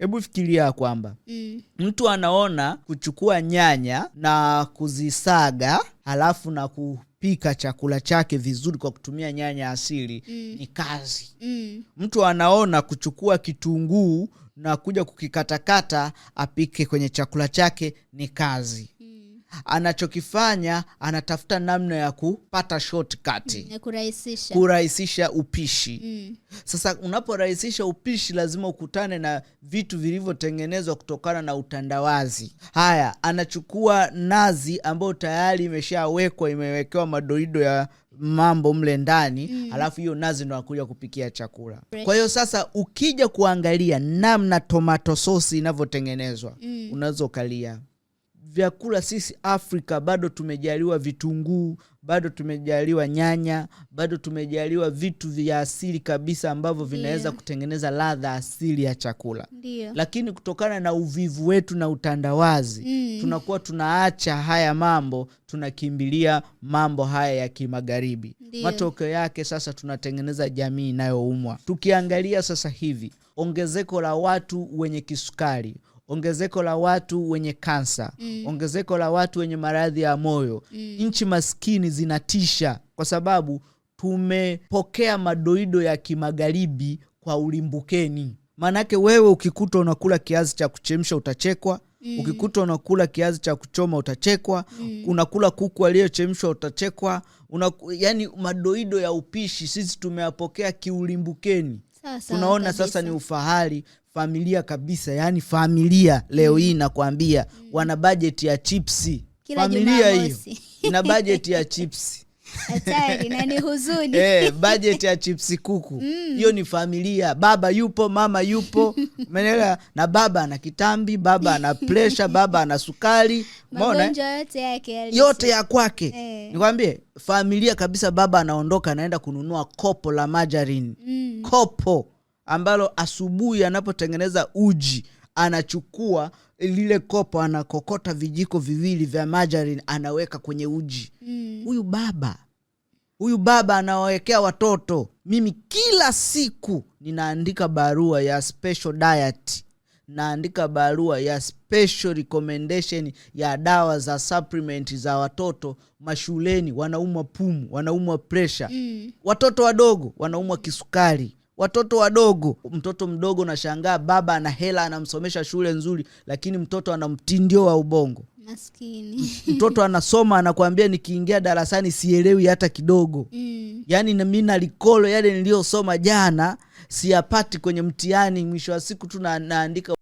Hebu fikiria kwamba mm. mtu anaona kuchukua nyanya na kuzisaga halafu na kupika chakula chake vizuri kwa kutumia nyanya asili mm. ni kazi mm. Mtu anaona kuchukua kitunguu na kuja kukikatakata apike kwenye chakula chake ni kazi anachokifanya anatafuta namna ya kupata shotkati mm, kurahisisha kurahisisha upishi mm. Sasa unaporahisisha upishi lazima ukutane na vitu vilivyotengenezwa kutokana na utandawazi. Haya, anachukua nazi ambayo tayari imeshawekwa, imewekewa madoido ya mambo mle ndani mm. Alafu hiyo nazi ndo akuja kupikia chakula. Kwa hiyo sasa, ukija kuangalia namna tomato sosi inavyotengenezwa mm. unaweza ukalia vyakula sisi Afrika bado tumejaliwa vitunguu, bado tumejaliwa nyanya, bado tumejaliwa vitu vya asili kabisa ambavyo vinaweza yeah, kutengeneza ladha asili ya chakula yeah. Lakini kutokana na uvivu wetu na utandawazi mm, tunakuwa tunaacha haya mambo, tunakimbilia mambo haya ya kimagharibi yeah. Matokeo yake sasa tunatengeneza jamii inayoumwa. Tukiangalia sasa hivi ongezeko la watu wenye kisukari ongezeko la watu wenye kansa mm. ongezeko la watu wenye maradhi ya moyo mm. Nchi maskini zinatisha kwa sababu tumepokea madoido ya kimagharibi kwa ulimbukeni. Maanake wewe ukikuta unakula kiazi cha kuchemsha utachekwa. Mm. Ukikuta unakula kiazi cha kuchoma utachekwa. Mm. Unakula kuku aliyochemshwa utachekwa. Unaku, yani madoido ya upishi sisi tumeyapokea kiulimbukeni sasa, tunaona kabisa. Sasa ni ufahari familia kabisa, yani familia leo hii mm. nakwambia mm. wana bajeti ya chipsi, familia hiyo ina bajeti ya chipsi hatari eh, bajeti ya chipsi kuku mm. hiyo mm. Ni familia, baba yupo, mama yupo, umeelewa? Na baba ana kitambi, baba ana presha, baba ana sukari, mona yote ya kwake eh. Nikwambie familia kabisa, baba anaondoka anaenda kununua kopo la majarini mm. Kopo ambalo asubuhi anapotengeneza uji anachukua lile kopo, anakokota vijiko viwili vya majarin anaweka kwenye uji mm. huyu mm. baba huyu baba anawawekea watoto. Mimi kila siku ninaandika barua ya special diet, naandika barua ya special recommendation ya dawa za supplement za watoto mashuleni. Wanaumwa pumu, wanaumwa presha mm. watoto wadogo wanaumwa kisukari watoto wadogo. Mtoto mdogo nashangaa, baba ana hela anamsomesha shule nzuri, lakini mtoto ana mtindio wa ubongo maskini. mtoto anasoma anakuambia, nikiingia darasani sielewi hata kidogo mm. mi yaani na nalikolo yale niliyosoma jana siyapati kwenye mtihani, mwisho wa siku tu naandika